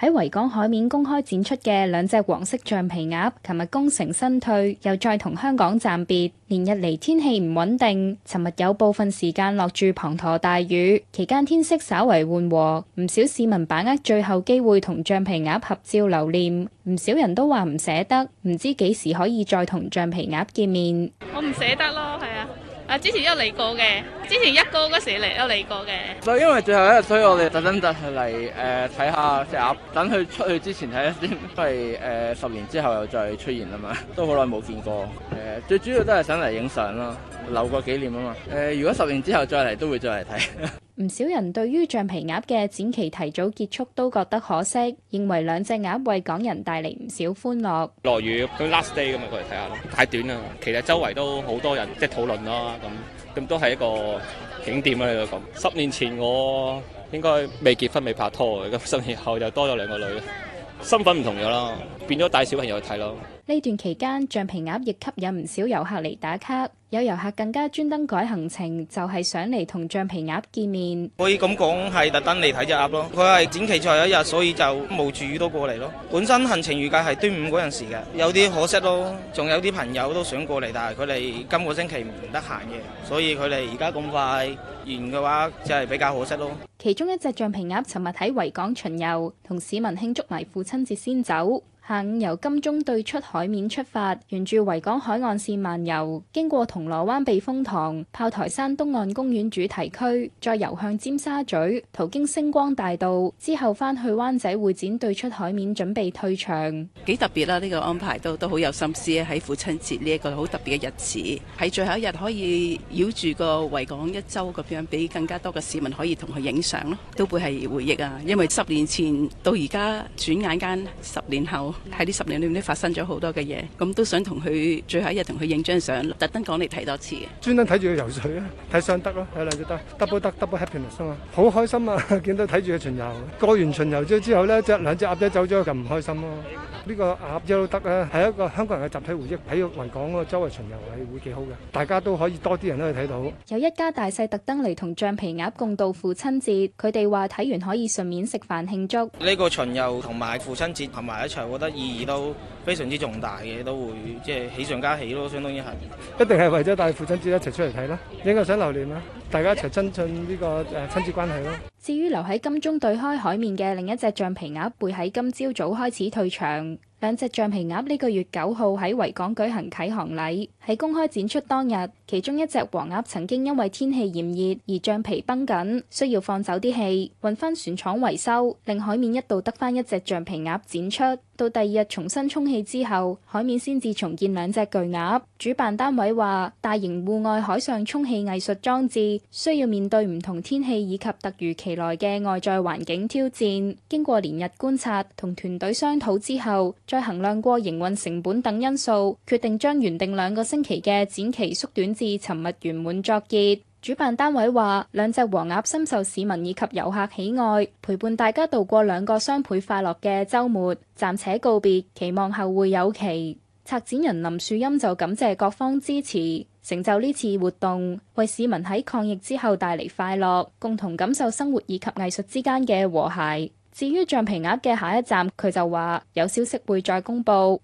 喺維港海面公開展出嘅兩隻黃色橡皮鴨，琴日功成身退，又再同香港暫別。連日嚟天氣唔穩定，尋日有部分時間落住滂沱大雨，期間天色稍為緩和，唔少市民把握最後機會同橡皮鴨合照留念，唔少人都話唔捨得，唔知幾時可以再同橡皮鴨見面。我唔捨得咯，係啊。啊！之前又嚟過嘅，之前一哥嗰時嚟都嚟過嘅。所以因為最後一日，所以我哋特登就係嚟誒睇下隻鴨，等佢出去之前睇一先。都係誒十年之後又再出現啊嘛。都好耐冇見過誒、呃，最主要都係想嚟影相咯，留個紀念啊嘛。誒、呃，如果十年之後再嚟，都會再嚟睇。唔少人對於橡皮鴨嘅展期提早結束都覺得可惜，認為兩隻鴨為港人帶嚟唔少歡樂。落雨，佢 last day 咁咪，過嚟睇下咯，太短啦。其實周圍都好多人即係討論啦，咁咁都係一個景點啦。你又講十年前我應該未結婚未拍拖嘅，咁十年後又多咗兩個女，身份唔同咗啦，變咗帶小朋友去睇咯。呢段期間，橡皮鴨亦吸引唔少遊客嚟打卡，有遊客更加專登改行程，就係想嚟同橡皮鴨見面。可以咁講係特登嚟睇隻鴨咯，佢係展期最後一日，所以就冒住雨都過嚟咯。本身行程預計係端午嗰陣時嘅，有啲可惜咯。仲有啲朋友都想過嚟，但係佢哋今個星期唔得閒嘅，所以佢哋而家咁快完嘅話，就係比較可惜咯。其中一隻橡皮鴨尋日喺維港巡遊，同市民慶祝埋父親節先走。下午由金鐘對出海面出發，沿住維港海岸線漫游，經過銅鑼灣避風塘、炮台山東岸公園主題區，再游向尖沙咀，途經星光大道，之後翻去灣仔會展對出海面，準備退場。幾特別啦，呢個安排都都好有心思，喺父親節呢一個好特別嘅日子，喺最後一日可以繞住個維港一周咁樣，俾更加多嘅市民可以同佢影相咯，都會係回憶啊。因為十年前到而家，轉眼間十年後。喺呢十年裏面發生咗好多嘅嘢，咁都想同佢最後一日同佢影張相，特登講嚟睇多次嘅。專登睇住佢游水啊，睇卓相得咯，睇兩隻得，double 得，double happiness 啊嘛，好開心啊！見到睇住佢巡遊，過完巡遊之後咧，兩隻兩隻鴨仔走咗，就唔開心咯、啊。呢個鴨都得啊，係一個香港人嘅集體回憶。喺維港嗰個周圍巡遊係會幾好嘅，大家都可以多啲人都去睇到。有一家大細特登嚟同橡皮鴨共度父親節，佢哋話睇完可以順便食飯慶祝。呢個巡遊同埋父親節合埋一齊，我覺得意義都。非常之重大嘅，都會即係喜上加喜咯，相當於係。一定係為咗帶父親節一齊出嚟睇啦，應該想留念啦，大家一齊親親呢個誒親子關係咯。至於留喺金鐘對開海面嘅另一隻橡皮鴨，會喺今朝早早開始退場。兩隻橡皮鴨呢個月九號喺維港舉行啓航禮，喺公開展出當日，其中一隻黃鴨曾經因為天氣炎熱而橡皮崩緊，需要放走啲氣，運返船廠維修，令海面一度得返一隻橡皮鴨展出。到第二日重新充氣之後，海面先至重建兩隻巨鴨。主辦單位話，大型戶外海上充氣藝術裝置需要面對唔同天氣以及突如其來嘅外在環境挑戰。經過連日觀察同團隊商討之後，再衡量過營運成本等因素，決定將原定兩個星期嘅展期縮短至尋日圓滿作結。主辦單位話：兩隻黃鴨深受市民以及遊客喜愛，陪伴大家度過兩個雙倍快樂嘅週末，暫且告別，期望後會有期。策展人林樹音就感謝各方支持，成就呢次活動，為市民喺抗疫之後帶嚟快樂，共同感受生活以及藝術之間嘅和諧。至於橡皮鴨嘅下一站，佢就話有消息會再公布。